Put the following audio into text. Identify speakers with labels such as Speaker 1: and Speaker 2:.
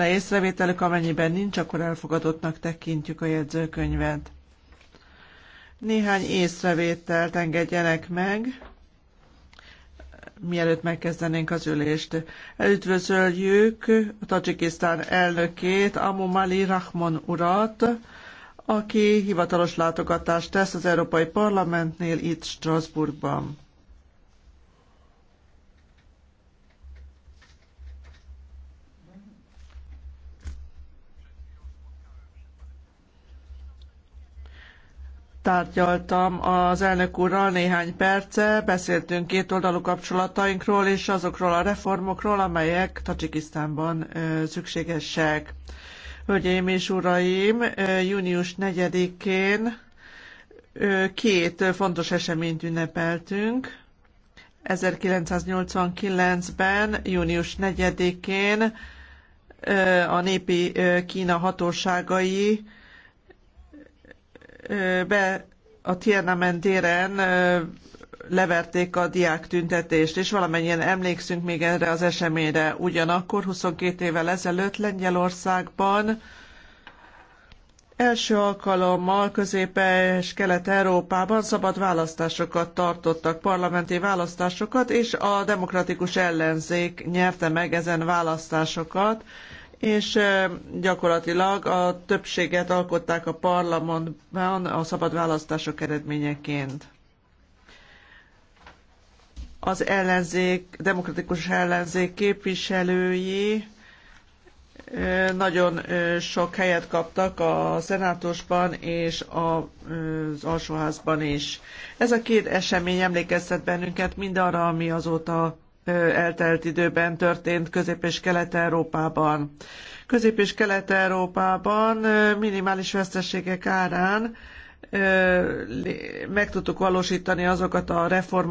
Speaker 1: van-e észrevételük, amennyiben nincs, akkor elfogadottnak tekintjük a jegyzőkönyvet. Néhány észrevételt engedjenek meg, mielőtt megkezdenénk az ülést. Elütvözöljük a Tajikisztán elnökét, Amumali Rahmon urat, aki hivatalos látogatást tesz az Európai Parlamentnél itt Strasbourgban. tárgyaltam az elnök úrral néhány perce, beszéltünk kétoldalú kapcsolatainkról és azokról a reformokról, amelyek Tajikisztánban szükségesek. Hölgyeim és uraim, június 4-én két fontos eseményt ünnepeltünk. 1989-ben, június 4-én a népi Kína hatóságai be a Tiananmen téren leverték a diák tüntetést, és valamennyien emlékszünk még erre az eseményre. Ugyanakkor 22 évvel ezelőtt Lengyelországban első alkalommal Közép- és Kelet-Európában szabad választásokat tartottak, parlamenti választásokat, és a demokratikus ellenzék nyerte meg ezen választásokat és gyakorlatilag a többséget alkották a parlamentben a szabad választások eredményeként. Az ellenzék, demokratikus ellenzék képviselői nagyon sok helyet kaptak a szenátusban és az alsóházban is. Ez a két esemény emlékeztet bennünket mindarra, ami azóta eltelt időben történt Közép- és Kelet-Európában. Közép- és Kelet-Európában minimális veszteségek árán meg tudtuk valósítani azokat a reformokat,